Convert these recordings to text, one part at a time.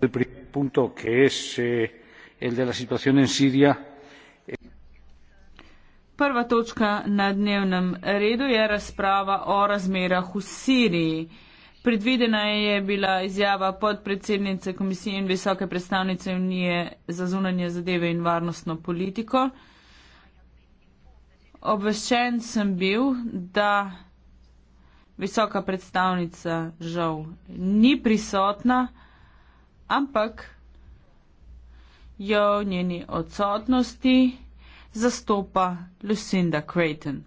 el primer punto que es eh, el de la situación en Siria. Prva točka na dnevnem redu je razprava o razmerah v Siriji. Predvidena je bila izjava podpredsednice komisije in visoke predstavnice Unije za zunanje zadeve in varnostno politiko. Obveščen sem bil, da visoka predstavnica žal ni prisotna ampak jo v njeni odsotnosti zastopa Lucinda Creighton.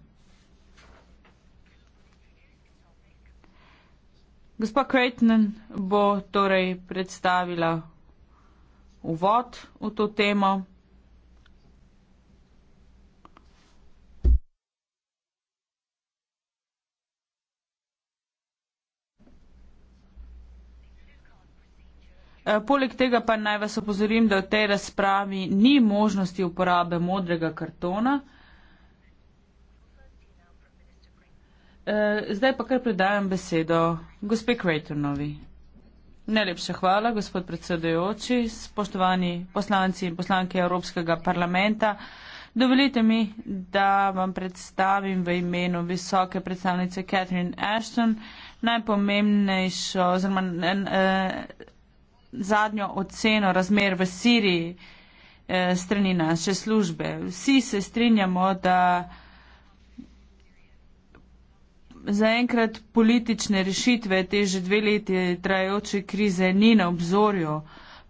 Gospa Creighton bo torej predstavila uvod v to temo. Eh, poleg tega pa naj vas opozorim, da v tej razpravi ni možnosti uporabe modrega kartona. Eh, zdaj pa kar predajam besedo gospe Kratonovi. Najlepša hvala, gospod predsedujoči, spoštovani poslanci in poslanke Evropskega parlamenta. Dovolite mi, da vam predstavim v imenu visoke predstavnice Catherine Ashton najpomembnejšo oziroma eh, zadnjo oceno razmer v Siriji eh, strani naše službe. Vsi se strinjamo, da zaenkrat politične rešitve te že dve leti trajajoče krize ni na obzorju.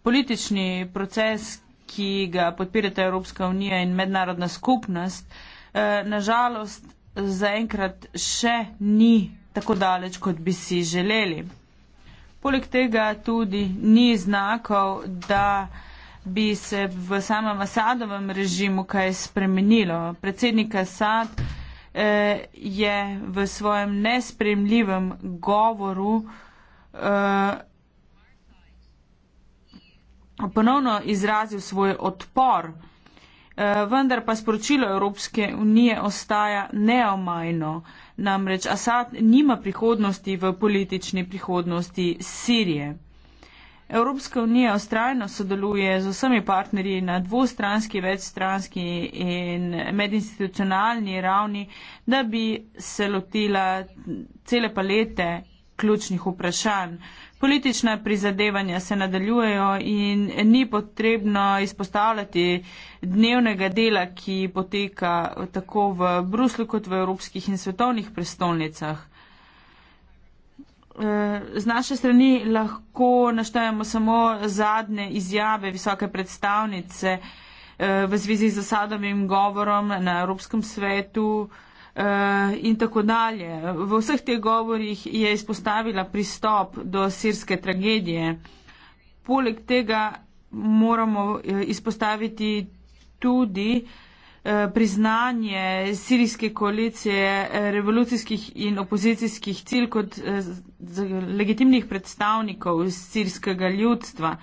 Politični proces, ki ga podpirata Evropska unija in mednarodna skupnost, eh, nažalost zaenkrat še ni tako daleč, kot bi si želeli. Poleg tega tudi ni znakov, da bi se v samem Asadovem režimu kaj spremenilo. Predsednik Asad eh, je v svojem nespremljivem govoru eh, ponovno izrazil svoj odpor, eh, vendar pa sporočilo Evropske unije ostaja neomajno. Eh, namreč Asad nima prihodnosti v politični prihodnosti Sirije. Evropska unija ostrajno sodeluje z vsemi partnerji na dvostranski, večstranski in medinstitucionalni ravni, da bi se lotila cele palete ključnih vprašanj, Politična prizadevanja se nadaljujejo in ni potrebno izpostavljati dnevnega dela, ki poteka tako v Bruslu kot v evropskih in svetovnih prestolnicah. E, z naše strani lahko naštejemo samo zadnje izjave visoke predstavnice e, v zvezi z zasadovim govorom na Evropskem svetu. Eh, in tako dalje. V vseh teh govorih je izpostavila pristop do sirske tragedije. Poleg tega moramo eh, izpostaviti tudi eh, priznanje sirijske koalicije revolucijskih in opozicijskih cilj kot legitimnih predstavnikov sirskega ljudstva.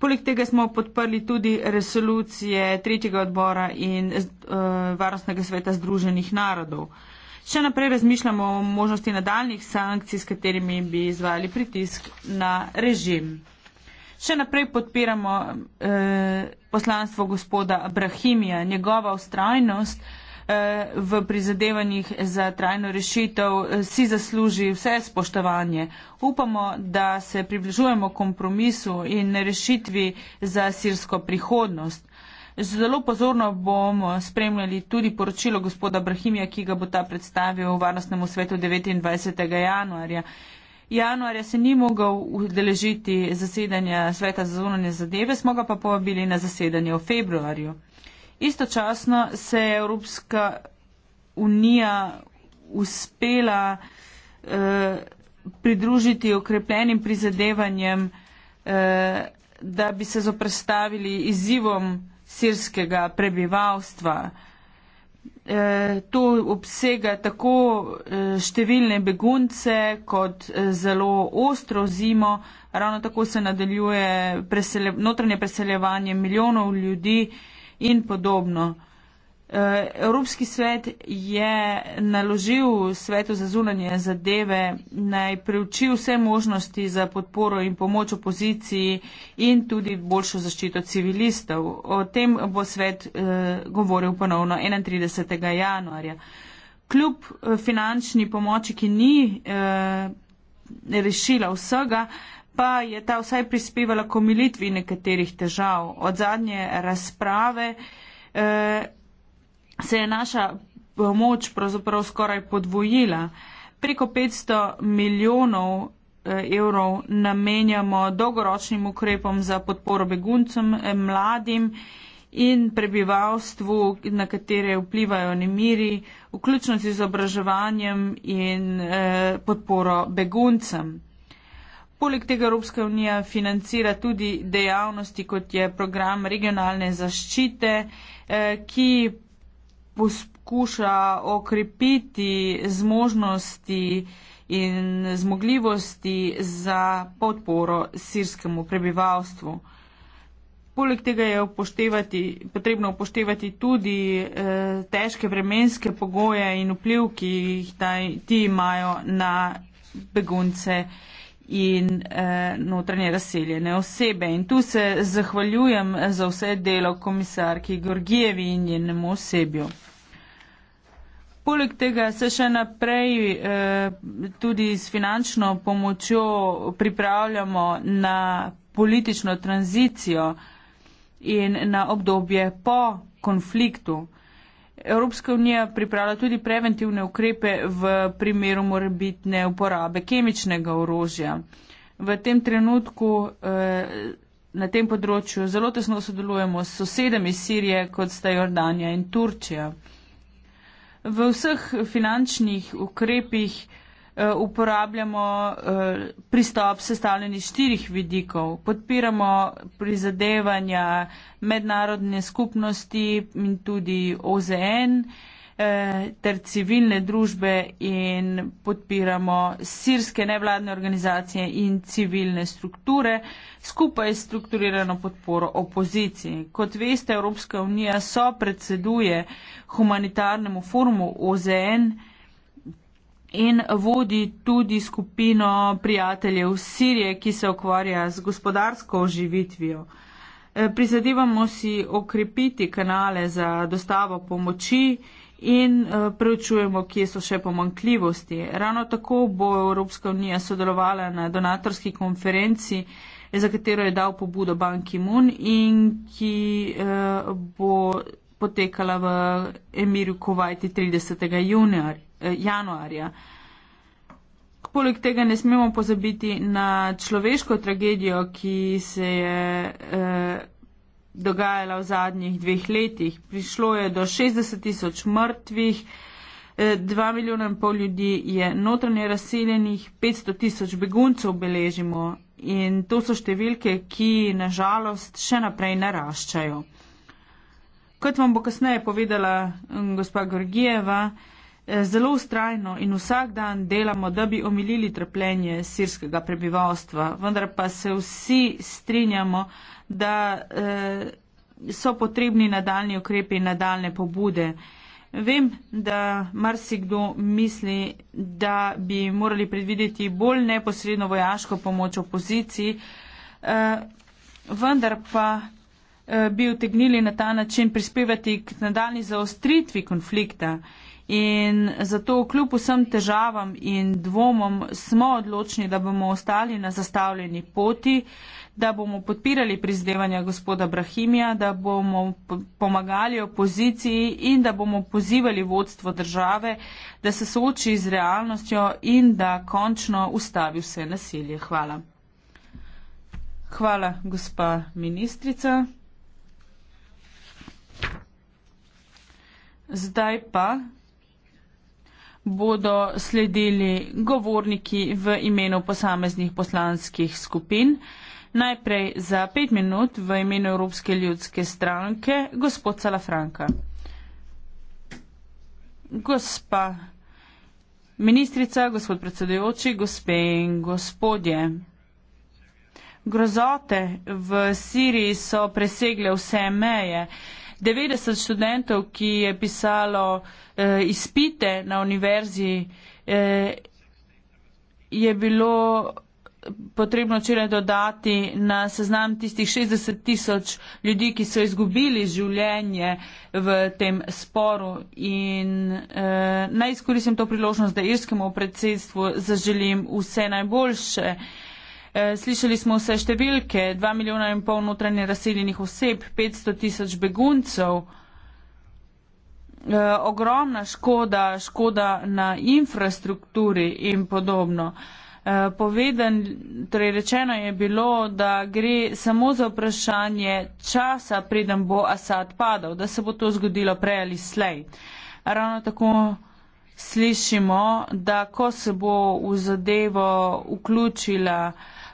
Poleg tega smo podprli tudi resolucije tretjega odbora in uh, varnostnega sveta Združenih narodov. Še naprej razmišljamo o možnosti nadaljnih sankcij, s katerimi bi izvali pritisk na režim. Še naprej podpiramo eh, poslanstvo gospoda Brahimija, njegova ustrajnost eh, Eh, v prizadevanjih za trajno rešitev eh, si zasluži vse spoštovanje. Upamo, da se približujemo kompromisu in rešitvi za sirsko prihodnost. Zelo pozorno bomo spremljali tudi poročilo gospoda Brahimija, ki ga bo ta predstavil v Varnostnemu svetu 29. januarja. Januarja se ni mogel udeležiti zasedanja Sveta za zunanje zadeve, smo ga pa povabili na zasedanje v februarju. Istočasno se je Evropska unija uspela eh, pridružiti okrepljenim prizadevanjem, eh, da bi se zoprstavili izzivom sirskega prebivalstva. Eh, to obsega tako številne begunce kot zelo ostro zimo, ravno tako se nadaljuje presele, notranje preseljevanje milijonov ljudi, in podobno. E, Evropski svet je naložil svetu za zunanje zadeve naj preuči vse možnosti za podporo in pomoč opoziciji in tudi boljšo zaščito civilistov. O tem bo svet eh, govoril ponovno 31. januarja. Kljub e, finančni pomoči, ki ni eh, rešila vsega, pa je ta vsaj prispevala k omilitvi nekaterih težav. Od zadnje razprave eh, se je naša pomoč pravzaprav skoraj podvojila. Preko 500 milijonov eh, evrov namenjamo dolgoročnim ukrepom za podporo beguncem, eh, mladim in prebivalstvu, na katere vplivajo nemiri, vključno z izobraževanjem in eh, podporo beguncem. Poleg tega Evropska unija financira tudi dejavnosti, kot je program regionalne zaščite, eh, ki poskuša okrepiti zmožnosti in zmogljivosti za podporo sirskemu prebivalstvu. Poleg tega je upoštevati, potrebno upoštevati tudi eh, težke vremenske pogoje in vpliv, ki jih ti imajo na begunce in eh, notranje razseljene osebe. In tu se zahvaljujem za vse delo komisarki Gorgijevi in njenemu osebju. Poleg tega se še naprej eh, tudi s finančno pomočjo pripravljamo na politično tranzicijo in na obdobje po konfliktu. Evropska unija pripravlja tudi preventivne ukrepe v primeru morebitne uporabe kemičnega orožja. V tem trenutku eh, na tem področju zelo tesno sodelujemo s sosedami Sirije, kot sta Jordanija in Turčija. V vseh finančnih ukrepih Eh, uporabljamo eh, pristop sestavljen iz štirih vidikov. Podpiramo prizadevanja mednarodne skupnosti in tudi OZN eh, ter civilne družbe in podpiramo sirske nevladne organizacije in civilne strukture skupaj s strukturirano podporo opoziciji. Kot veste, Evropska unija so predseduje humanitarnemu forumu OZN, in vodi tudi skupino prijateljev Sirije, ki se ukvarja z gospodarsko oživitvijo. Eh, prizadevamo si okrepiti kanale za dostavo pomoči in eh, preučujemo, kje so še pomankljivosti. Ravno tako bo Evropska unija sodelovala na donatorski konferenci, za katero je dal pobudo Banki Mun in ki eh, bo potekala v Emirju Kovajti 30. junija. Eh, januarja. Poleg tega ne smemo pozabiti na človeško tragedijo, ki se je eh, dogajala v zadnjih dveh letih. Prišlo je do 60 tisoč mrtvih, eh, 2 milijona in pol ljudi je notranje razseljenih, 500 tisoč beguncev beležimo in to so številke, ki nažalost še naprej naraščajo. Kot vam bo kasneje povedala mm, gospa Gorgijeva, eh, Eh, zelo ustrajno in vsak dan delamo, da bi omilili trpljenje sirskega prebivalstva, vendar pa se vsi strinjamo, da eh, so potrebni nadaljni ukrepi in nadaljne pobude. Vem, da marsikdo misli, da bi morali predvideti bolj neposredno vojaško pomoč opoziciji, eh, vendar pa bi utegnili na ta način prispevati k nadaljni zaostritvi konflikta. In zato kljub vsem težavam in dvomom smo odločni, da bomo ostali na zastavljeni poti, da bomo podpirali prizdevanja gospoda Brahimija, da bomo pomagali opoziciji in da bomo pozivali vodstvo države, da se sooči z realnostjo in da končno ustavi vse nasilje. Hvala. Hvala, gospa ministrica. Zdaj pa bodo sledili govorniki v imenu posameznih poslanskih skupin. Najprej za pet minut v imenu Evropske ljudske stranke gospod Salafranka. Gospa ministrica, gospod predsedujoči, gospe in gospodje. Grozote v Siriji so presegle vse meje. 90 študentov, ki je pisalo eh, izpite na univerzi, eh, je bilo potrebno včeraj dodati na seznam tistih 60 tisoč ljudi, ki so izgubili življenje v tem sporu. In eh, naj izkoristim to priložnost, da irskemu predsedstvu zaželim vse najboljše. Eh, Eh, slišali smo vse številke, 2 milijona in pol notranje razseljenih oseb, 500 tisoč beguncev, eh, ogromna škoda, škoda na infrastrukturi in podobno. Eh, poveden, torej rečeno je bilo, da gre samo za vprašanje časa, preden bo Asad padal, da se bo to zgodilo prej ali slej. Ravno tako slišimo, da ko se bo v zadevo vključila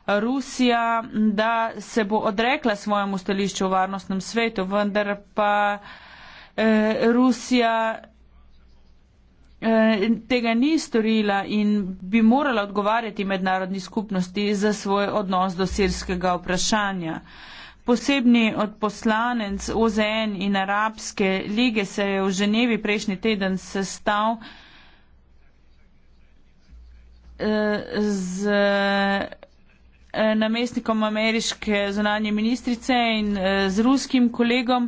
Rusija, da se bo odrekla svojemu stališču v varnostnem svetu, vendar pa eh, Rusija eh, tega ni storila in bi morala odgovarjati mednarodni skupnosti za svoj odnos do sirskega vprašanja. Posebni odposlanec OZN in Arabske lige se je v Ženevi prejšnji teden sestal eh, z Eh, namestnikom ameriške zunanje ministrice in eh, z ruskim kolegom.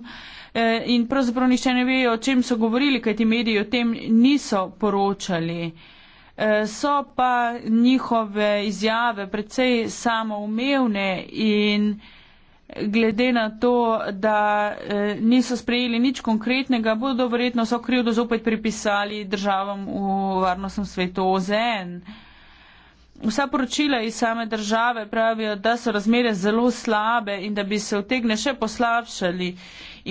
Eh, in pravzaprav nišče ne ve, o čem so govorili, kaj ti mediji o tem niso poročali. So pa njihove izjave precej samoumevne in glede na to, da niso sprejeli nič konkretnega, bodo verjetno so krivdo zopet pripisali državam v varnostnem svetu OZN. Vsa poročila iz same države pravijo, da so razmere zelo slabe in da bi se v tegne še poslabšali.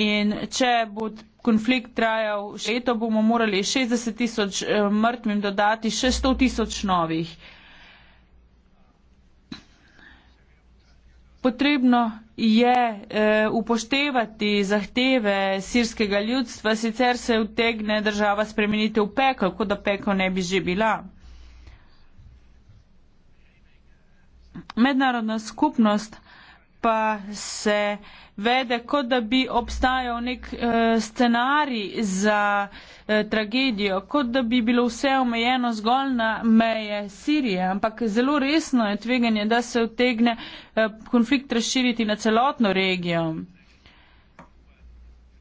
In če bo konflikt trajal še leto, bomo morali 60 tisoč eh, mrtvim dodati še 100 tisoč novih. Potrebno je eh, upoštevati zahteve sirskega ljudstva, sicer se utegne država spremeniti v peko, kot da peko ne bi že bila. mednarodna skupnost pa se vede, kot da bi obstajal nek uh, scenarij za uh, tragedijo, kot da bi bilo vse omejeno zgolj na meje Sirije. Ampak zelo resno je tveganje, da se utegne uh, konflikt razširiti na celotno regijo.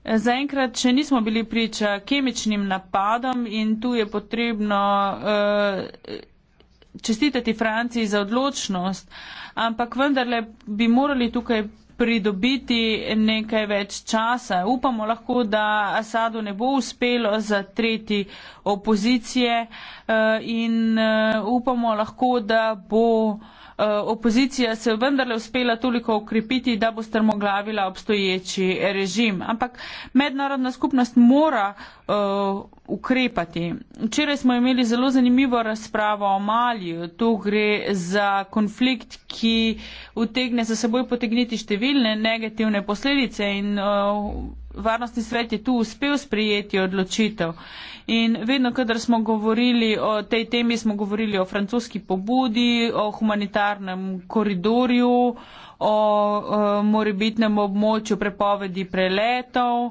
Zaenkrat še nismo bili priča kemičnim napadom in tu je potrebno. Uh, čestitati Franciji za odločnost, ampak vendarle bi morali tukaj pridobiti nekaj več časa. Upamo lahko, da Asadu ne bo uspelo zatreti opozicije eh, in eh, upamo lahko, da bo uh, Eh, opozicija se je vendarle uspela toliko ukrepiti, da bo strmoglavila obstoječi režim. Ampak mednarodna skupnost mora eh, ukrepati. Včeraj smo imeli zelo zanimivo razpravo o Maliju. Tu gre za konflikt, ki utegne za seboj potegniti številne negativne posledice in eh, varnostni svet je tu uspel sprijeti odločitev. In vedno, kadar smo govorili o tej temi, smo govorili o francoski pobudi, o humanitarnem koridorju, o, o eh, morebitnem območju prepovedi preletov.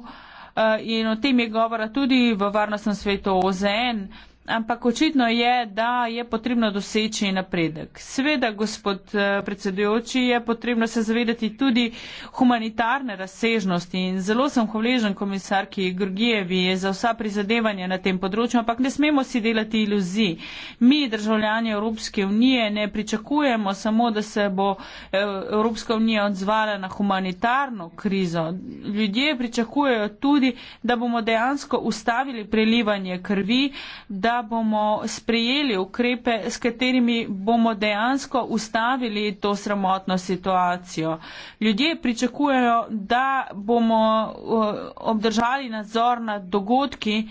Eh, in o tem je govora tudi v varnostnem svetu OZN ampak očitno je, da je potrebno doseči napredek. Sveda, gospod eh, predsedujoči, je potrebno se zavedati tudi humanitarne razsežnosti in zelo sem hvaležen komisarki Grgijevi za vsa prizadevanja na tem področju, ampak ne smemo si delati iluzij. Mi, državljani Evropske unije, ne pričakujemo samo, da se bo eh, Evropska unija odzvala na humanitarno krizo. Ljudje pričakujejo tudi, da bomo dejansko ustavili prelivanje krvi, da bomo sprejeli ukrepe, s katerimi bomo dejansko ustavili to sramotno situacijo. Ljudje pričakujejo, da bomo eh, obdržali nadzor nad dogodki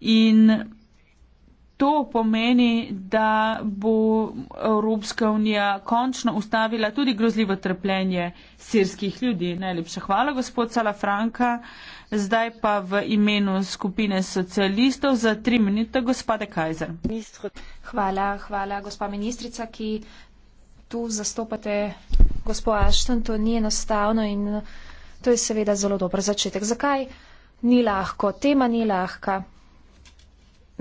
in to pomeni, da bo Evropska unija končno ustavila tudi grozljivo trpljenje sirskih ljudi. Najlepša hvala, gospod Salafranka. Zdaj pa v imenu skupine socialistov za tri minute gospode Kajzer. Hvala, hvala gospa ministrica, ki tu zastopate gospod Ashton. To ni enostavno in to je seveda zelo dober začetek. Zakaj ni lahko? Tema ni lahka.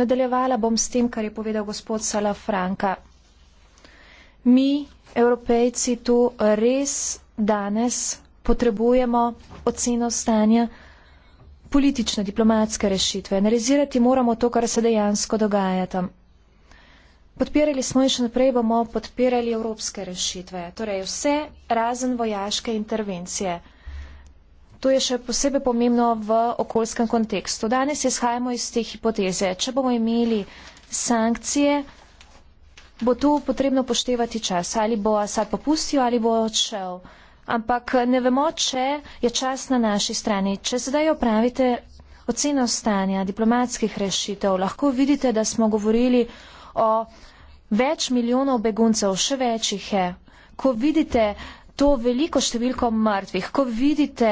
Nadaljevala bom s tem, kar je povedal gospod Sala Franka. Mi, evropejci, tu res danes potrebujemo oceno stanja politične, diplomatske rešitve. Analizirati moramo to, kar se dejansko dogaja tam. Podpirali smo in še naprej bomo podpirali evropske rešitve, torej vse razen vojaške intervencije. To je še posebej pomembno v okoljskem kontekstu. Danes izhajamo iz te hipoteze. Če bomo imeli sankcije, bo tu potrebno poštevati čas. Ali bo Asad popustil ali bo odšel ampak eh, ne vemo, če je čas na naši strani. Če zdaj opravite oceno stanja diplomatskih rešitev, lahko vidite, da smo govorili o več milijonov beguncev, še večjih je. Ko vidite to veliko številko mrtvih, ko vidite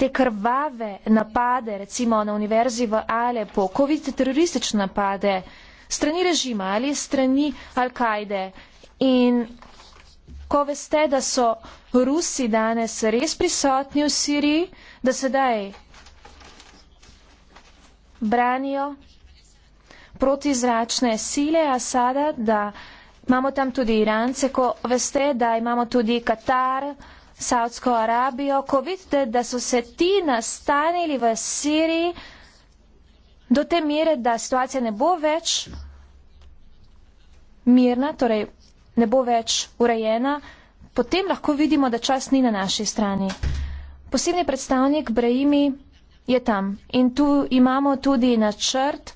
te krvave napade, recimo na univerzi v Alepo, ko vidite teroristične napade strani režima ali strani Al-Kaide in lahko veste, da so Rusi danes res prisotni v Siriji, da sedaj branijo protizračne sile Asada, da imamo tam tudi Irance, ko veste, da imamo tudi Katar, Saudsko Arabijo, ko vidite, da so se ti nastanili v Siriji do te mere, da situacija ne bo več mirna, torej ne bo več urejena, potem lahko vidimo, da čas ni na naši strani. Posebni predstavnik Brejimi je tam in tu imamo tudi načrt,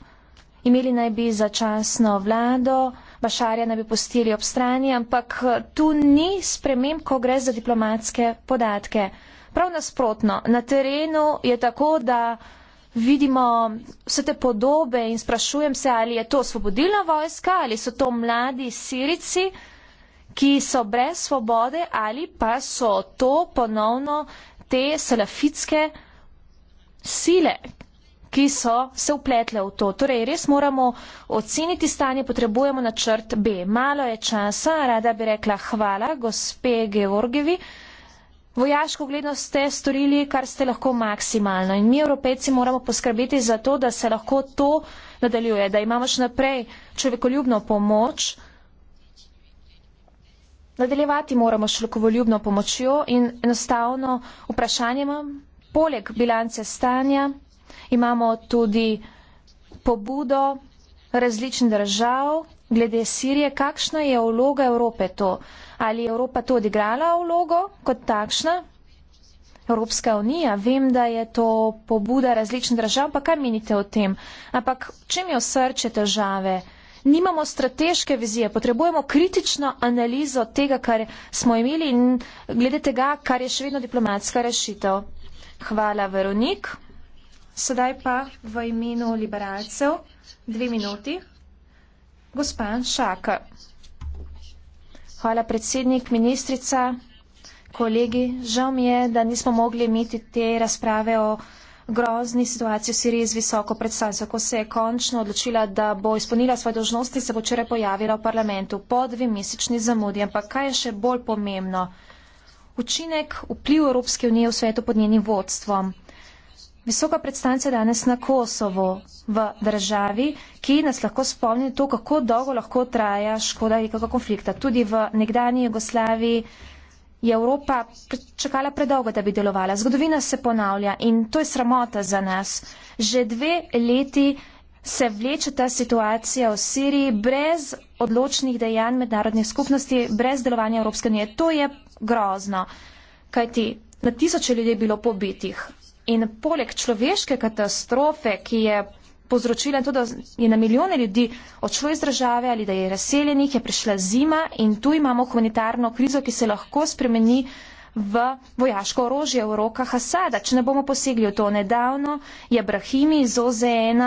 imeli naj bi začasno vlado, Bašarja naj bi postili ob strani, ampak eh, tu ni sprememb, ko gre za diplomatske podatke. Prav nasprotno, na terenu je tako, da vidimo vse te podobe in sprašujem se, ali je to osvobodilna vojska, ali so to mladi sirici, ki so brez svobode, ali pa so to ponovno te salafitske sile, ki so se upletle v to. Torej, res moramo oceniti stanje, potrebujemo načrt B. Malo je časa, rada bi rekla hvala gospe Georgevi. Vojaško gledno ste storili, kar ste lahko maksimalno in mi, evropejci, moramo poskrbeti za to, da se lahko to nadaljuje, da imamo še naprej človekoljubno pomoč. Nadaljevati moramo človekoljubno pomočjo in enostavno vprašanje imam, poleg bilance stanja imamo tudi pobudo različnih držav, glede Sirije, kakšna je vloga Evrope to? Ali je Evropa to odigrala vlogo kot takšna? Evropska unija, vem, da je to pobuda različnih držav, pa kaj menite o tem? Ampak čem je osrče težave? Nimamo strateške vizije, potrebujemo kritično analizo tega, kar smo imeli in glede tega, kar je še vedno diplomatska rešitev. Hvala, Veronik. Sedaj pa v imenu liberalcev dve minuti. Gospa Šaka. Hvala, predsednik, ministrica, kolegi. Žal mi je, da nismo mogli imeti te razprave o grozni situaciji v Siriji z visoko predstavnico, ko se je končno odločila, da bo izpolnila svoje dožnosti, se bo včeraj pojavila v parlamentu po dve mesečni zamudi. Ampak kaj je še bolj pomembno? Učinek vpliv Evropske unije v svetu pod njenim vodstvom visoka predstavnica danes na Kosovo v državi, ki nas lahko spomni to, kako dolgo lahko traja škoda nekega konflikta. Tudi v nekdani Jugoslaviji je Evropa čakala predolgo, da bi delovala. Zgodovina se ponavlja in to je sramota za nas. Že dve leti se vleče ta situacija v Siriji brez odločnih dejanj mednarodnih skupnosti, brez delovanja Evropske unije. To je grozno, kajti na tisoče ljudi je bilo pobitih. In poleg človeške katastrofe, ki je povzročila tudi, da je na milijone ljudi odšlo iz države ali da je razseljenih, je prišla zima in tu imamo humanitarno krizo, ki se lahko spremeni v vojaško orožje v rokah Asada. Če ne bomo posegli v to nedavno, je Brahimi iz OZN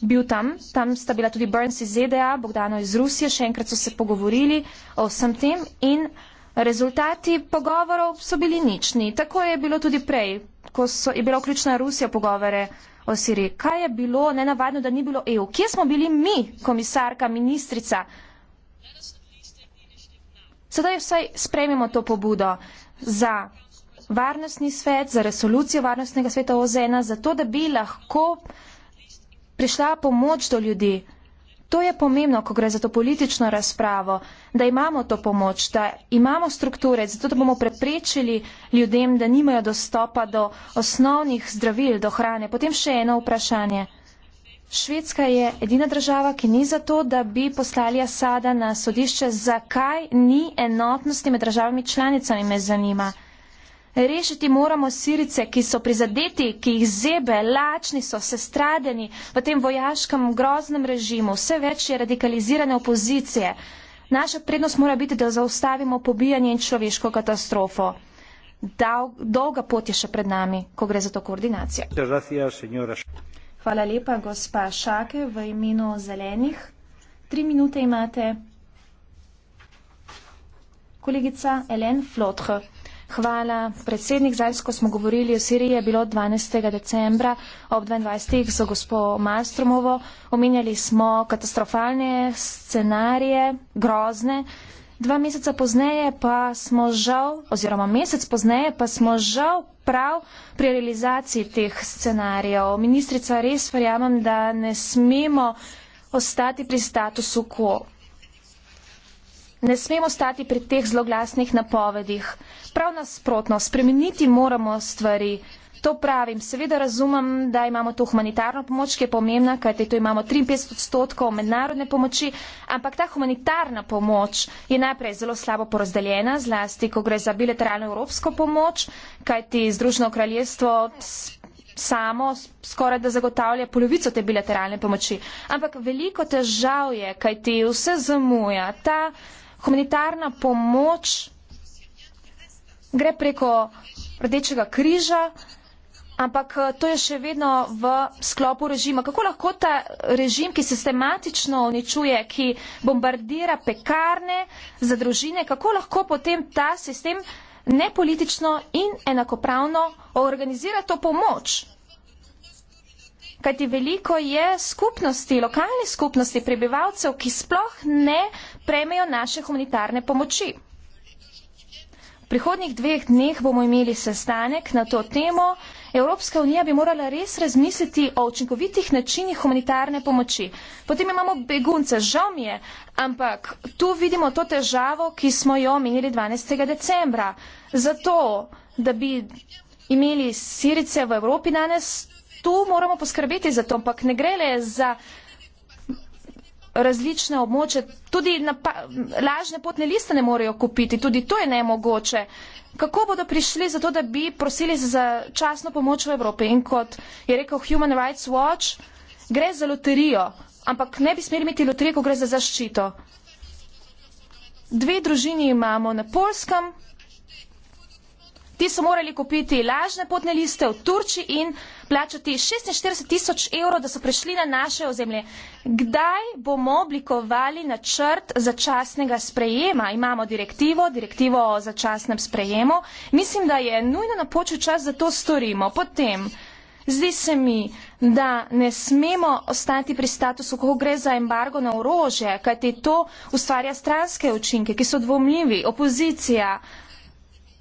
bil tam, tam sta bila tudi Burns iz ZDA, Bogdano iz Rusije, še enkrat so se pogovorili o vsem tem in Rezultati pogovorov so bili nični. Tako je bilo tudi prej, ko so, je bila vključena Rusija pogovore o Siriji. Kaj je bilo nenavadno, da ni bilo EU? Kje smo bili mi, komisarka, ministrica? Sedaj vsaj sprejmemo to pobudo za varnostni svet, za resolucijo varnostnega sveta OZN, za to, da bi lahko prišla pomoč do ljudi. To je pomembno, ko gre za to politično razpravo, da imamo to pomoč, da imamo strukture, zato da bomo preprečili ljudem, da nimajo dostopa do osnovnih zdravil, do hrane. Potem še eno vprašanje. Švedska je edina država, ki ni za to, da bi poslali Asada na sodišče. Zakaj ni enotnosti med državami članicami, me zanima. Rešiti moramo sirice, ki so prizadeti, ki jih zebe, lačni so, se stradeni v tem vojaškem groznem režimu, vse več je radikalizirane opozicije. Naša prednost mora biti, da zaustavimo pobijanje in človeško katastrofo. Dal, dolga pot je še pred nami, ko gre za to koordinacijo. Hvala lepa, gospa Šake, v imenu zelenih. Tri minute imate. Kolegica Elen Flotr. Hvala, predsednik. Zdaj, ko smo govorili o Siriji, je bilo 12. decembra ob 22. za gospo Malstromovo. Omenjali smo katastrofalne scenarije, grozne. Dva meseca pozneje pa smo žal, oziroma mesec pozneje pa smo žal prav pri realizaciji teh scenarijev. Ministrica, res verjamem, da ne smemo ostati pri statusu quo. Ne smemo stati pri teh zloglasnih napovedih. Prav nasprotno, spremeniti moramo stvari. To pravim. Seveda razumem, da imamo to humanitarno pomoč, ki je pomembna, kajte tu imamo 53 odstotkov mednarodne pomoči, ampak ta humanitarna pomoč je najprej zelo slabo porazdeljena, zlasti, ko gre za bilateralno evropsko pomoč, kajte Združeno kraljestvo samo skoraj da zagotavlja polovico te bilateralne pomoči. Ampak veliko težav je, kajte vse zamuja. Ta Humanitarna pomoč gre preko Rdečega križa, ampak eh, to je še vedno v sklopu režima. Kako lahko ta režim, ki sistematično uničuje, ki bombardira pekarne za družine, kako lahko potem ta sistem nepolitično in enakopravno organizira to pomoč? kajti veliko je skupnosti, lokalne skupnosti prebivalcev, ki sploh ne prejmejo naše humanitarne pomoči. V prihodnjih dveh dneh bomo imeli sestanek na to temo. Evropska unija bi morala res razmisliti o učinkovitih načinih humanitarne pomoči. Potem imamo begunce, žal mi je, ampak tu vidimo to težavo, ki smo jo omenili 12. decembra. Zato, da bi imeli sirice v Evropi danes, Tu moramo poskrbeti za to, ampak ne gre le za različne območje. Tudi pa, lažne potne liste ne morejo kupiti, tudi to je nemogoče. Kako bodo prišli za to, da bi prosili za časno pomoč v Evropi? In kot je rekel Human Rights Watch, gre za loterijo, ampak ne bi smeli imeti loterije, ko gre za zaščito. Dve družini imamo na Polskem, Ti so morali kupiti lažne potne liste v Turčiji in plačati 46 tisoč evrov, da so prišli na naše ozemlje. Kdaj bomo oblikovali načrt začasnega sprejema? Imamo direktivo, direktivo o začasnem sprejemu. Mislim, da je nujno napočil čas, da to storimo. Potem, zdi se mi, da ne smemo ostati pri statusu, ko gre za embargo na orožje, kajti to ustvarja stranske učinke, ki so dvomljivi. Opozicija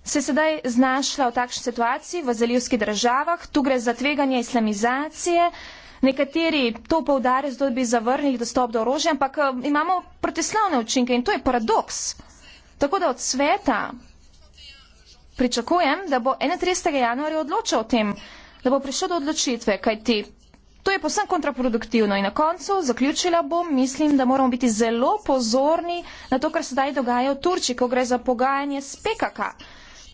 se sedaj znašla v takšni situaciji v zalivskih državah. Tu gre za tveganje islamizacije. Nekateri to poudarijo, zato bi zavrnili dostop do orožja, ampak eh, imamo protislavne učinke in to je paradoks. Tako da od sveta pričakujem, da bo 31. januarja odločal o tem, da bo prišel do odločitve, kajti to je posebno kontraproduktivno in na koncu zaključila bom, mislim, da moramo biti zelo pozorni na to, kar se zdaj dogaja v Turčiji, ko gre za pogajanje s PKK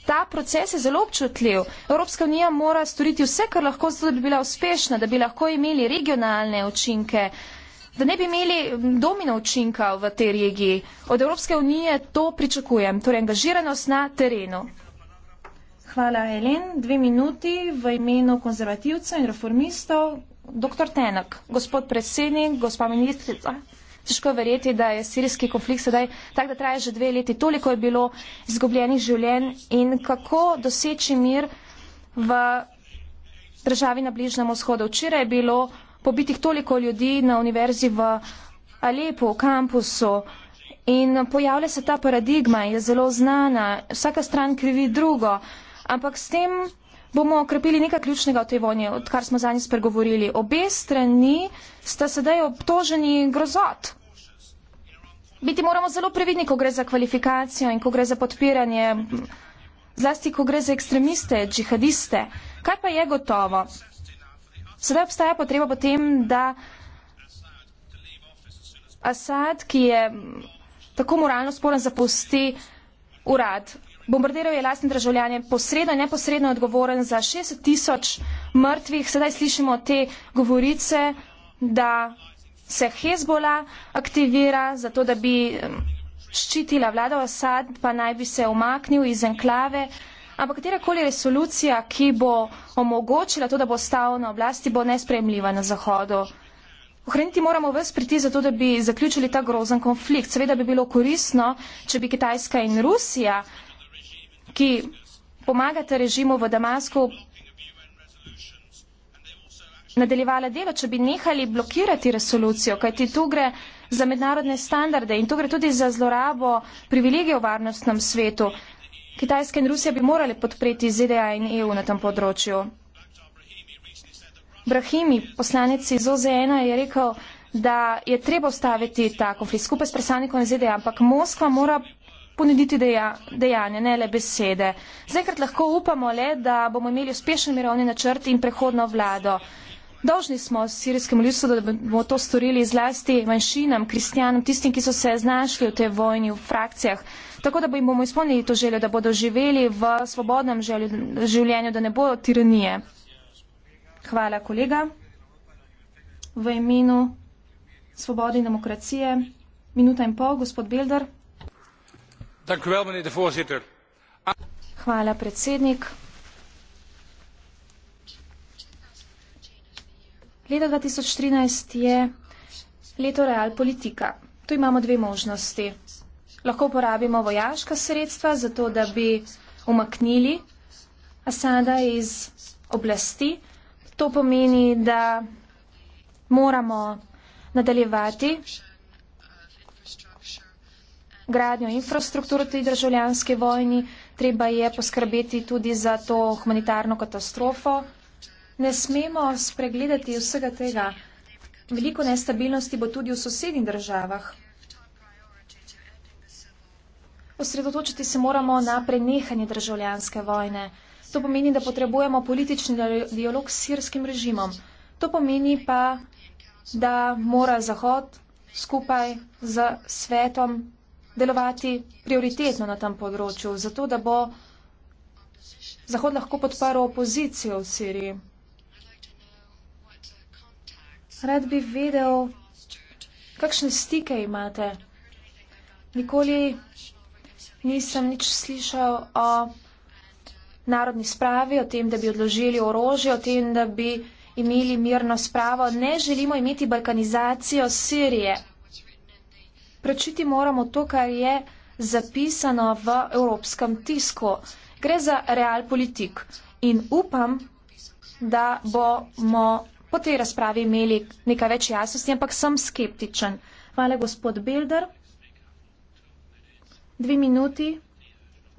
ta proces je zelo občutljiv. Evropska unija mora storiti vse, kar lahko, zato da bi bila uspešna, da bi lahko imeli regionalne učinke, da ne bi imeli mm, domino učinka v tej regiji. Od Evropske unije to pričakujem, torej angažiranost na terenu. Hvala, Elen. Dve minuti v imenu konzervativcev in reformistov. Doktor Tenak, gospod predsednik, gospa ministrica. Težko je verjeti, da je sirijski konflikt sedaj tak, da traja že dve leti. Toliko je bilo izgubljenih življenj in kako doseči mir v državi na Bližnjem vzhodu. Včeraj je bilo pobitih toliko ljudi na univerzi v Alepu, v kampusu. In pojavlja se ta paradigma, je zelo znana, vsaka stran krivi drugo, ampak s tem bomo okrepili nekaj ključnega v tej vojni, odkar smo zanje spregovorili. Obe strani sta sedaj obtoženi grozot. Biti moramo zelo previdni, ko gre za kvalifikacijo in ko gre za podpiranje, zlasti ko gre za ekstremiste, džihadiste. Kaj pa je gotovo? Sedaj obstaja potreba potem, da Asad, ki je tako moralno sporen, zapusti urad bombardiral je lastne državljanje, posredno, neposredno odgovoren za 60 tisoč mrtvih. Sedaj slišimo te govorice, da se Hezbola aktivira, zato da bi ščitila vlado Asad, pa naj bi se umaknil iz enklave. Ampak katerakoli resolucija, ki bo omogočila to, da bo stal na oblasti, bo nespremljiva na Zahodu. Ohraniti moramo ves priti zato, da bi zaključili ta grozen konflikt. Seveda bi bilo koristno, če bi Kitajska in Rusija ki pomagate režimu v Damasku nadaljevala delo, če bi nehali blokirati resolucijo, kajti tu gre za mednarodne standarde in tu gre tudi za zlorabo privilegijev v varnostnem svetu. Kitajska in Rusija bi morali podpreti ZDA in EU na tem področju. Brahimi, poslanec iz OZN, je rekel, da je treba ustaviti ta konflikt skupaj s predstavnikom ZDA, ampak Moskva mora ponuditi deja, dejanje, ne le besede. Zdajkrat lahko upamo le, da bomo imeli uspešen mirovni načrt in prehodno vlado. Dolžni smo sirijskemu ljudstvu, da bomo to storili zlasti manjšinam, kristjanom, tistim, ki so se znašli v tej vojni, v frakcijah. Tako da bomo izpolnili to željo, da bodo živeli v svobodnem življenju, da ne bo tiranije. Hvala, kolega. V imenu svobode in demokracije. Minuta in pol, gospod Bilder hvala predsednik leto dva tisoč trinajst je leto realpolitika tu imamo dve možnosti lahko uporabimo vojaška sredstva zato da bi umaknili assada iz oblasti to pomeni da moramo nadaljevati gradnjo infrastrukture tej državljanske vojni, treba je poskrbeti tudi za to humanitarno katastrofo. Ne smemo spregledati vsega tega. Veliko nestabilnosti bo tudi v sosednjih državah. Osredotočiti se moramo na prenehanje državljanske vojne. To pomeni, da potrebujemo politični dialog s sirskim režimom. To pomeni pa, da mora Zahod skupaj z svetom delovati prioritetno na tem področju, zato da bo Zahod lahko podparil opozicijo v Siriji. Rad bi vedel, kakšne stike imate. Nikoli nisem nič slišal o narodni spravi, o tem, da bi odložili orožje, o tem, da bi imeli mirno spravo. Ne želimo imeti balkanizacijo Sirije prečiti moramo to, kar je zapisano v evropskem tisku. Gre za realpolitik in upam, da bomo po tej razpravi imeli nekaj več jasnosti, ampak sem skeptičen. Hvala, gospod Bilder. Dve minuti,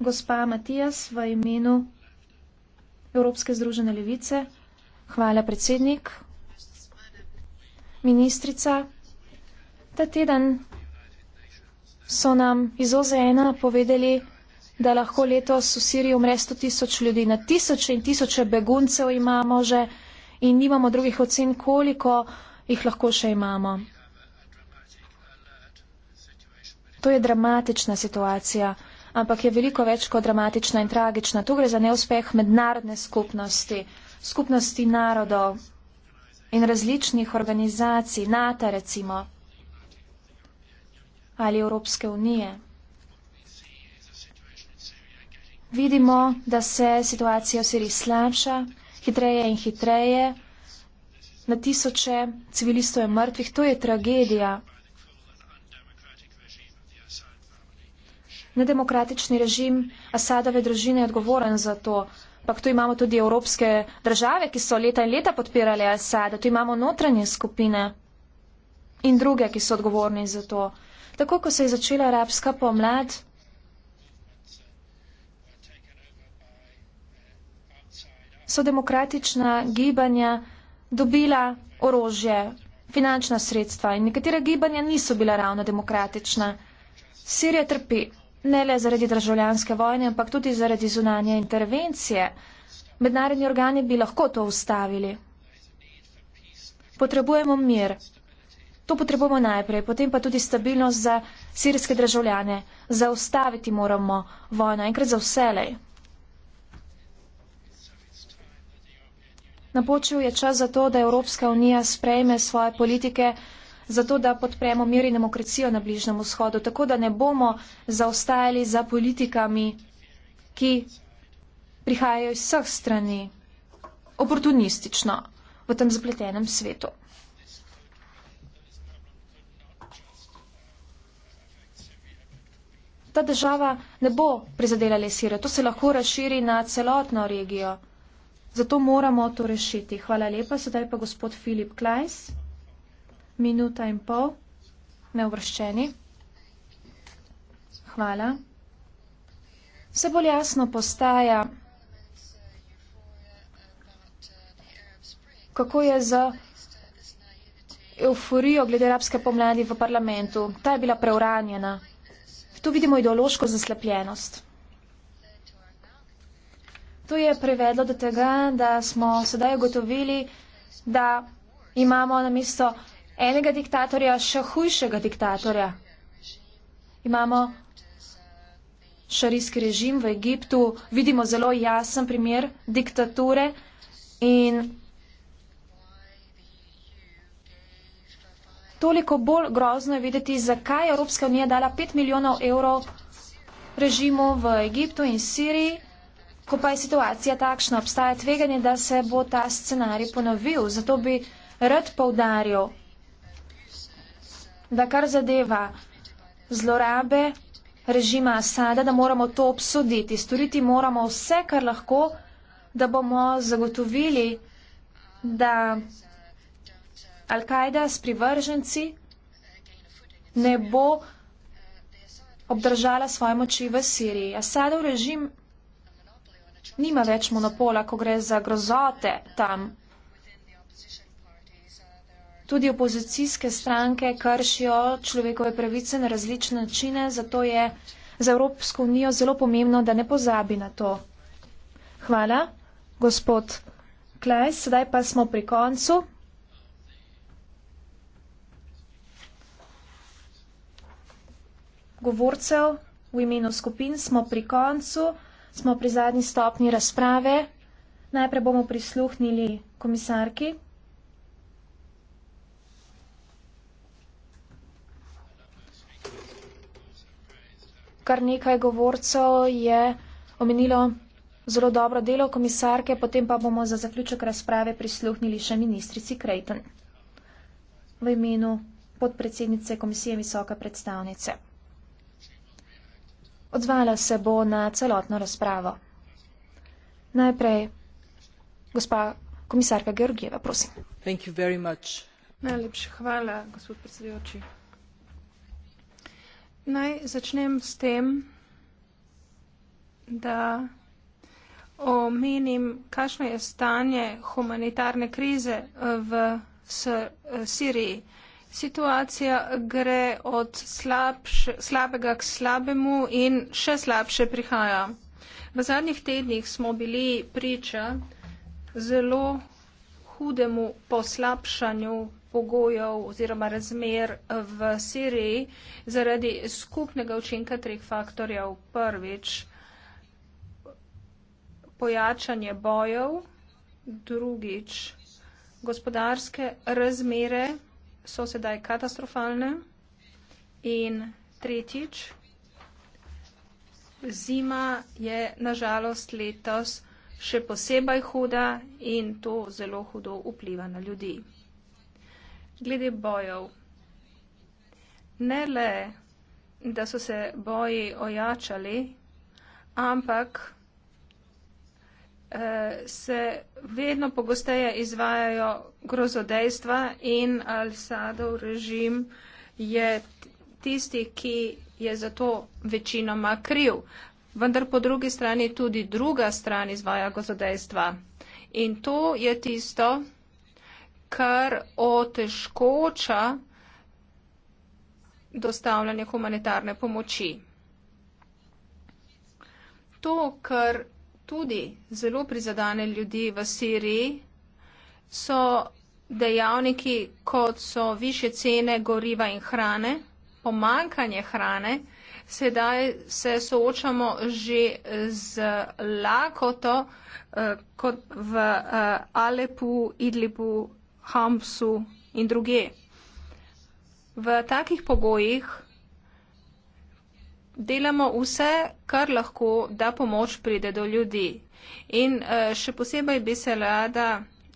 gospa Matijas v imenu Evropske združene levice. Hvala, predsednik. Ministrica, ta teden so nam iz OZN povedali, da lahko letos v Siriji umre 100 tisoč ljudi. Na tisoče in tisoče beguncev imamo že in nimamo drugih ocen, koliko jih lahko še imamo. To je dramatična situacija, ampak je veliko več kot dramatična in tragična. Tu gre za neuspeh mednarodne skupnosti, skupnosti narodov in različnih organizacij, NATO recimo ali Evropske unije. Vidimo, da se situacija v Siriji slabša, hitreje in hitreje. Na tisoče civilistov je mrtvih, to je tragedija. Nedemokratični režim Asadove družine je odgovoren za to. Pak tu imamo tudi evropske države, ki so leta in leta podpirali Asada, tu imamo notranje skupine in druge, ki so odgovorni za to. Tako, ko se je začela arabska pomlad, so demokratična gibanja dobila orožje, finančna sredstva in nekatera gibanja niso bila ravno demokratična. Sirija trpi ne le zaradi državljanske vojne, ampak tudi zaradi zunanje intervencije. Mednarodni organi bi lahko to ustavili. Potrebujemo mir, To potrebujemo najprej, potem pa tudi stabilnost za sirske državljane. Zaustaviti moramo vojno, enkrat za vselej. Napočil je čas za to, da Evropska unija sprejme svoje politike, zato da podpremo mir in demokracijo na Bližnem vzhodu, tako da ne bomo zaostajali za politikami, ki prihajajo iz vseh strani oportunistično v tem zapletenem svetu. ta država ne bo prizadela lesire. To se lahko razširi na celotno regijo. Zato moramo to rešiti. Hvala lepa. Sedaj pa gospod Filip Klajs. Minuta in pol. Neuvrščeni. Hvala. Vse bolj jasno postaja, kako je z euforijo glede arabske pomladi v parlamentu. Ta je bila preuranjena. Tu vidimo ideološko zaslepljenost. To je prevedlo do tega, da smo sedaj ugotovili, da imamo na mesto enega diktatorja še hujšega diktatorja. Imamo šarijski režim v Egiptu, vidimo zelo jasen primer diktature in toliko bolj grozno je videti, zakaj je Evropska unija dala 5 milijonov evrov režimu v Egiptu in Siriji, ko pa je situacija takšna, obstaja tveganje, da se bo ta scenarij ponovil. Zato bi rad povdaril, da kar zadeva zlorabe režima Asada, da moramo to obsoditi. Storiti moramo vse, kar lahko, da bomo zagotovili, da Al-Kaida s privrženci ne bo obdržala svoje moči v Siriji. Asadov režim nima več monopola, ko gre za grozote tam. Tudi opozicijske stranke kršijo človekove pravice na različne načine, zato je za Evropsko unijo zelo pomembno, da ne pozabi na to. Hvala, gospod Klajs. Sedaj pa smo pri koncu. govorcev v imenu skupin smo pri koncu, smo pri zadnji stopni razprave. Najprej bomo prisluhnili komisarki. Kar nekaj govorcev je omenilo zelo dobro delo komisarke, potem pa bomo za zaključek razprave prisluhnili še ministrici Krejten v imenu podpredsednice Komisije visoke predstavnice. Odzvala se bo na celotno razpravo. Najprej, gospa komisarka Georgijeva, prosim. Najlepša hvala, gospod predsedujoči. Naj začnem s tem, da omenim, kakšno je stanje humanitarne krize v Siriji. Situacija gre od slabš, slabega k slabemu in še slabše prihaja. V zadnjih tednih smo bili priča zelo hudemu poslabšanju pogojev oziroma razmer v Siriji zaradi skupnega učinka treh faktorjev. Prvič, pojačanje bojev, drugič, gospodarske razmere, so sedaj katastrofalne in tretjič, zima je nažalost letos še posebej huda in to zelo hudo vpliva na ljudi. Glede bojev. Ne le, da so se boji ojačali, ampak eh, se vedno pogosteje izvajajo grozodejstva in Al-Sadov režim je tisti, ki je za to večinoma kriv. Vendar po drugi strani tudi druga stran izvaja grozodejstva. In to je tisto, kar otežkoča dostavljanje humanitarne pomoči. To, kar tudi zelo prizadane ljudi v Siriji, so dejavniki, kot so više cene goriva in hrane, pomankanje hrane. Sedaj se soočamo že z lakoto eh, kot v eh, Alepu, Idlibu, Hamsu in druge. V takih pogojih delamo vse, kar lahko, da pomoč pride do ljudi. In eh, še posebej bi se rada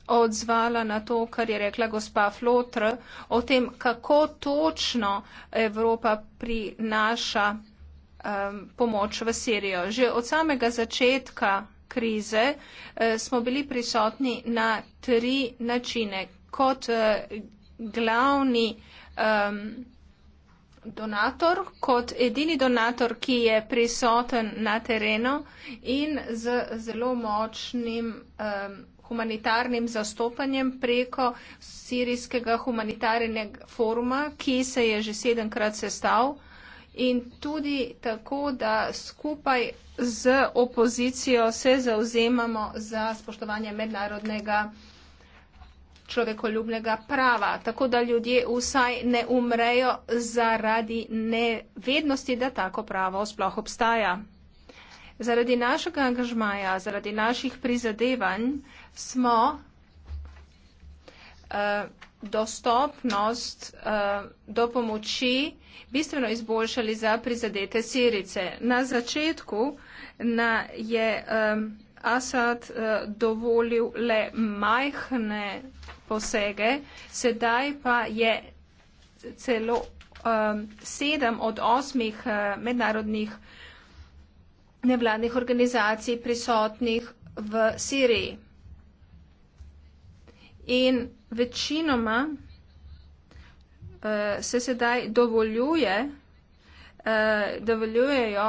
odzvala na to, kar je rekla gospa Flotr, o tem, kako točno Evropa prinaša um, pomoč v Sirijo. Že od samega začetka krize eh, smo bili prisotni na tri načine. Kot eh, glavni eh, donator, kot edini donator, ki je prisoten na terenu in z zelo močnim um, humanitarnim zastopanjem preko sirijskega humanitarnega foruma, ki se je že sedemkrat sestav in tudi tako, da skupaj z opozicijo se zauzemamo za spoštovanje mednarodnega človekoljubnega prava, tako da ljudje vsaj ne umrejo zaradi nevednosti, da tako pravo sploh obstaja. Zaradi našega angažmaja, zaradi naših prizadevanj smo uh, dostopnost uh, do pomoči bistveno izboljšali za prizadete sirice. Na začetku na je. Um, Asad eh, dovolil le majhne posege, sedaj pa je celo eh, sedem od osmih eh, mednarodnih nevladnih organizacij prisotnih v Siriji. In večinoma se sedaj dovoljuje, dovoljujejo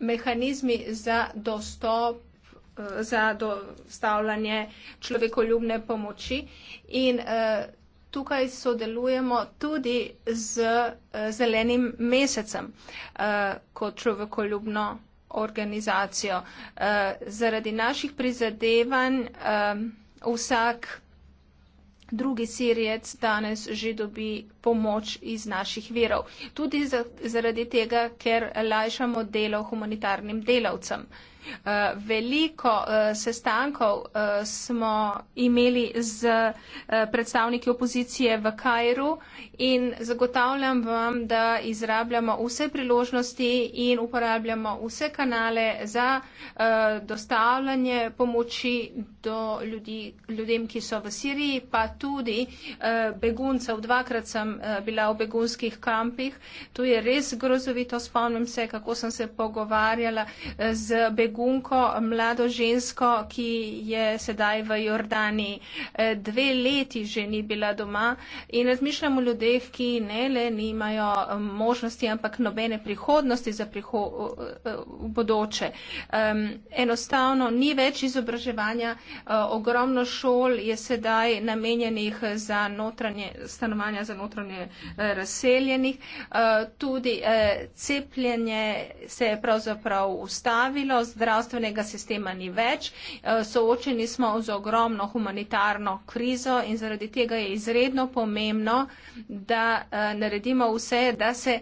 mehanizmi za dostop, eh, za dostavljanje človekoljubne pomoči. In eh, tukaj sodelujemo tudi z eh, zelenim mesecem kot človekoljubno organizacijo. Zaradi naših prizadevanj vsak drugi sirjec danes že dobi pomoč iz naših verov. Tudi za, zaradi tega, ker lajšamo delo humanitarnim delavcem. Eh, veliko eh, sestankov eh, smo imeli z predstavniki opozicije v Kajru in zagotavljam vam, da izrabljamo vse priložnosti in uporabljamo vse kanale za dostavljanje pomoči do ljudi, ljudem, ki so v Siriji, pa tudi beguncev. Dvakrat sem Eh, bila v begunskih kampih. To je res grozovito. Spomnim se, kako sem se pogovarjala eh, z begunko, mlado žensko, ki je sedaj v Jordani. Eh, dve leti že ni bila doma in razmišljam o ljudeh, ki ne le nimajo možnosti, ampak nobene prihodnosti za priho v bodoče. Enostavno ni več izobraževanja, ogromno šol je sedaj namenjenih za notranje stanovanja, za notranje vprašanje eh, razseljenih. Eh, tudi eh, cepljenje se je pravzaprav ustavilo, zdravstvenega sistema ni več. Soočeni smo z ogromno humanitarno krizo in zaradi tega je izredno pomembno, da naredimo vse, da se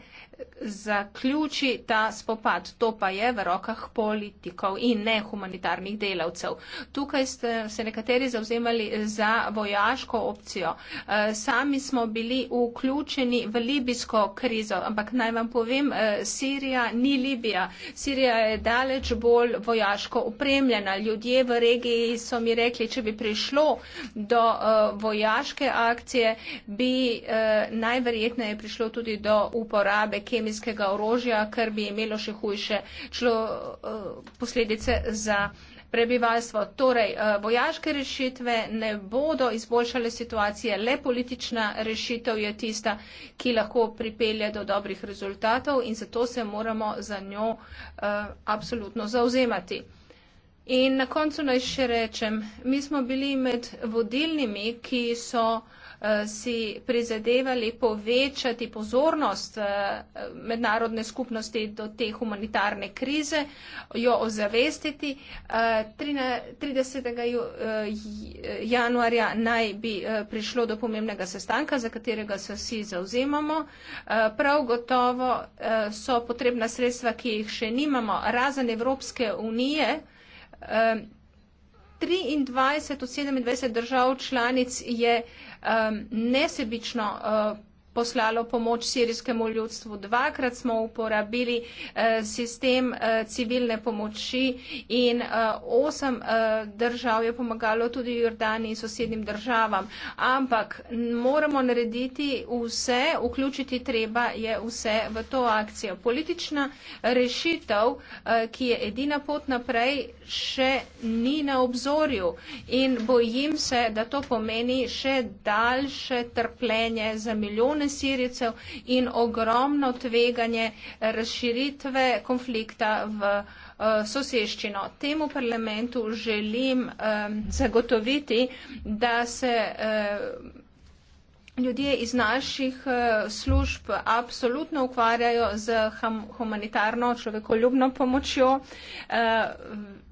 zaključi ta spopad. To pa je v rokah politikov in ne humanitarnih delavcev. Tukaj ste se nekateri zauzemali za vojaško opcijo. Eh, sami smo bili vključeni v libijsko krizo, ampak naj vam povem, eh, Sirija ni Libija. Sirija je daleč bolj vojaško upremljena. Ljudje v regiji so mi rekli, če bi prišlo do eh, vojaške akcije, bi najverjetneje prišlo tudi do uporabe, kemijskega orožja, kar bi imelo še hujše člo, eh, posledice za prebivalstvo. Torej, eh, vojaške rešitve ne bodo izboljšale situacije, le politična rešitev je tista, ki lahko pripelje do dobrih rezultatov in zato se moramo za njo eh, absolutno zauzemati. In na koncu naj še rečem, mi smo bili med vodilnimi, ki so uh, Eh, si prizadevali povečati pozornost eh, mednarodne skupnosti do te humanitarne krize, jo ozavestiti. 30. Eh, januarja naj bi prišlo do pomembnega sestanka, za katerega se vsi zauzemamo. Prav gotovo so potrebna sredstva, ki jih še nimamo, razen Evropske unije. 23 od 27 držav članic je um, nesebično uh, poslalo pomoč sirijskemu ljudstvu. Dvakrat smo uporabili eh, sistem eh, civilne pomoči in eh, osem eh, držav je pomagalo tudi Jordaniji in sosednjim državam. Ampak moramo narediti vse, vključiti treba je vse v to akcijo. Politična rešitev, eh, ki je edina pot naprej, še ni na obzorju in bojim se, da to pomeni še daljše trpljenje za milijone ogromne sirice in ogromno tveganje razširitve konflikta v eh, soseščino. Temu parlamentu želim eh, zagotoviti, da se eh, ljudje iz naših služb apsolutno ukvarjajo z humanitarno človekoljubno pomočjo.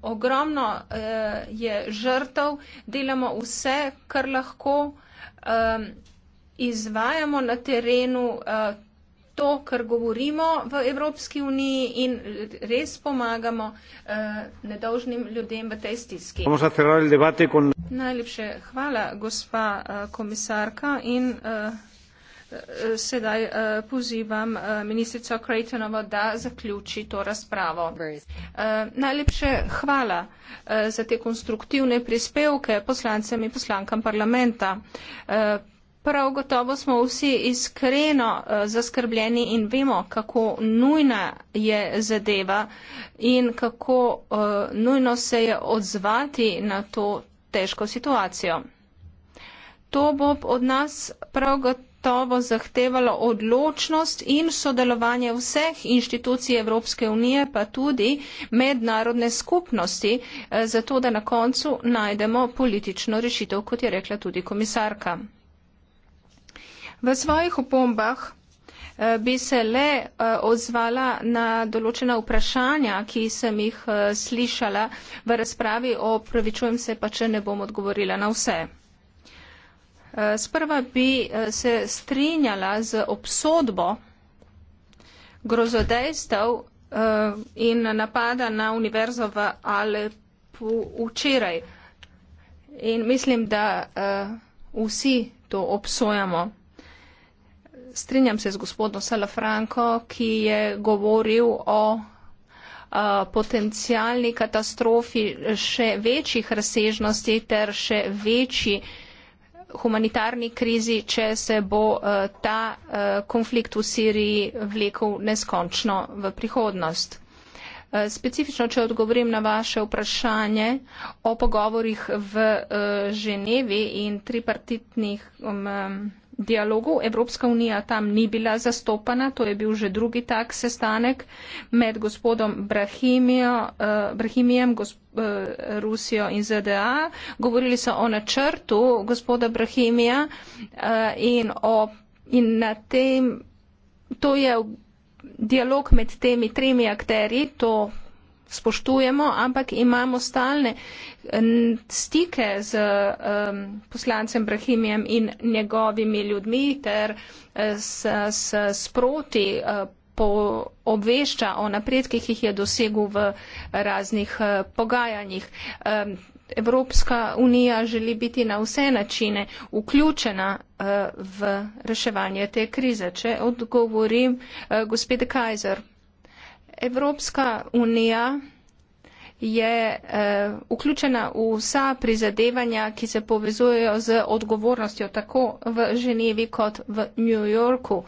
Ogromno je žrtev, delamo vse, kar lahko izvajamo na terenu eh, to, kar govorimo v Evropski uniji in res pomagamo eh, nedolžnim ljudem v tej stiski. Con... Najlepše hvala, gospa eh, komisarka. In, Sedaj uh, pozivam uh, ministrico Krejtonovo, da zaključi to razpravo. Uh, najlepše hvala uh, za te konstruktivne prispevke poslancem in poslankam parlamenta. Uh, Prav gotovo smo vsi iskreno eh, zaskrbljeni in vemo, kako nujna je zadeva in kako eh, nujno se je odzvati na to težko situacijo. To bo od nas prav gotovo zahtevalo odločnost in sodelovanje vseh inštitucij Evropske unije, pa tudi mednarodne skupnosti, eh, zato da na koncu najdemo politično rešitev, kot je rekla tudi komisarka. V svojih opombah eh, bi se le eh, odzvala na določena vprašanja, ki sem jih eh, slišala v razpravi, opravičujem se pa, če ne bom odgovorila na vse. Sprva bi se strinjala z obsodbo grozodejstev in napada na univerzo v Alepu včeraj. In mislim, da vsi to obsojamo strinjam se z gospodom Salafranko, ki je govoril o potencijalni katastrofi še večjih razsežnosti ter še večji humanitarni krizi, če se bo ta konflikt v Siriji vlekel neskončno v prihodnost. Specifično, če odgovorim na vaše vprašanje o pogovorih v Ženevi in tripartitnih um, dialogu. Evropska unija tam ni bila zastopana, to je bil že drugi tak sestanek med gospodom Brahimijo, uh, eh, Brahimijem, gosp, uh, eh, Rusijo in ZDA. Govorili so o načrtu gospoda Brahimija uh, in, o, in na tem, to je dialog med temi tremi akteri, to spoštujemo, ampak imamo stalne stike z um, poslancem Brahimijem in njegovimi ljudmi ter eh, s, s sproti uh, po, obvešča o napredkih, ki jih je dosegel v raznih uh, pogajanjih. Um, Evropska unija želi biti na vse načine vključena uh, v reševanje te krize. Če odgovorim, uh, gospod Kajzer. Evropska unija je eh, vključena v vsa prizadevanja, ki se povezujejo z odgovornostjo tako v Ženevi kot v New Yorku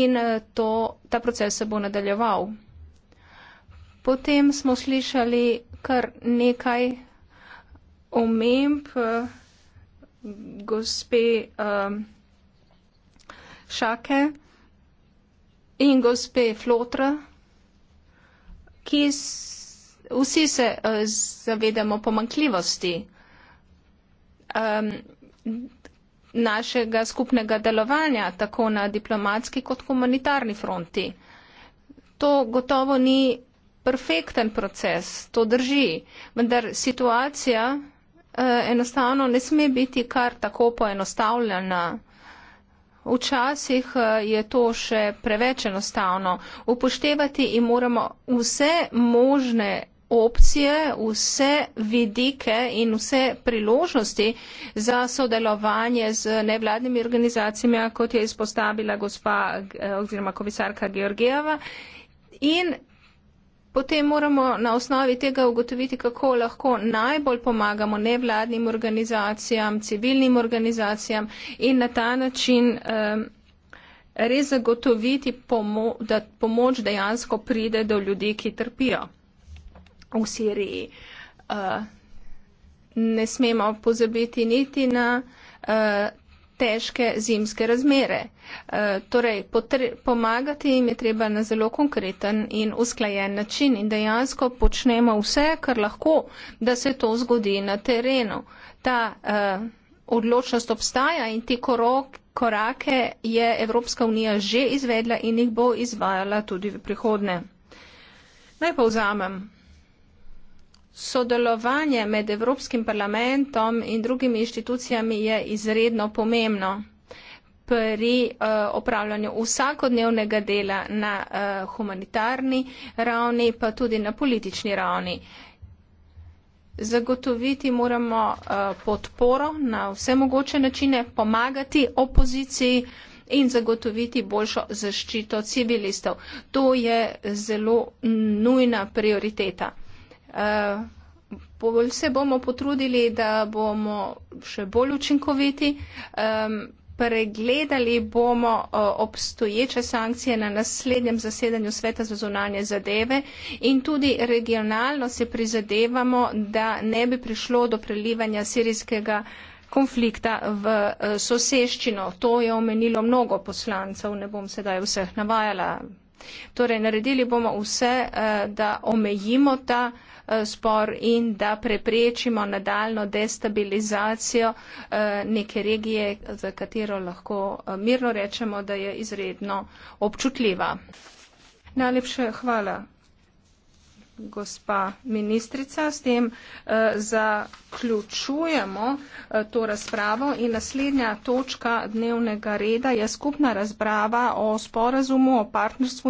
in eh, to, ta proces se bo nadaljeval. Potem smo slišali kar nekaj omemb eh, gospe eh, Šake in gospe Flotra ki vsi se eh, zavedamo pomankljivosti ehm, našega skupnega delovanja, tako na diplomatski kot humanitarni fronti. To gotovo ni perfekten proces, to drži, vendar situacija eh, enostavno ne sme biti kar tako poenostavljena. Včasih eh, je to še preveč enostavno upoštevati in moramo vse možne opcije, vse vidike in vse priložnosti za sodelovanje z nevladnimi organizacijami, kot je izpostavila gospa eh, oziroma komisarka Georgijeva. In Potem moramo na osnovi tega ugotoviti, kako lahko najbolj pomagamo nevladnim organizacijam, civilnim organizacijam in na ta način um, res zagotoviti, pomo da pomoč dejansko pride do ljudi, ki trpijo v Siriji. Uh, ne smemo pozabiti niti na uh, težke zimske razmere. E, torej, pomagati jim je treba na zelo konkreten in usklajen način in dejansko počnemo vse, kar lahko, da se to zgodi na terenu. Ta e, odločnost obstaja in ti korok, korake je Evropska unija že izvedla in jih bo izvajala tudi v prihodne. Naj povzamem. Sodelovanje med Evropskim parlamentom in drugimi inštitucijami je izredno pomembno pri uh, opravljanju vsakodnevnega dela na uh, humanitarni ravni, pa tudi na politični ravni. Zagotoviti moramo uh, podporo na vse mogoče načine, pomagati opoziciji in zagotoviti boljšo zaščito civilistov. To je zelo nujna prioriteta. Eh, bolj se bomo potrudili, da bomo še bolj učinkoviti. Pregledali bomo eh, obstoječe sankcije na naslednjem zasedanju Sveta za zunanje zadeve in tudi regionalno se prizadevamo, da ne bi prišlo do prelivanja sirijskega konflikta v eh, soseščino. To je omenilo mnogo poslancev, ne bom sedaj vseh navajala. Torej, naredili bomo vse, da omejimo ta. Eh, spor in da preprečimo nadaljno destabilizacijo eh, neke regije, za katero lahko eh, mirno rečemo, da je izredno občutljiva. Najlepše hvala, gospa ministrica. S tem zaključujemo to razpravo in naslednja točka dnevnega reda je skupna razprava o sporazumu o partnerstvu.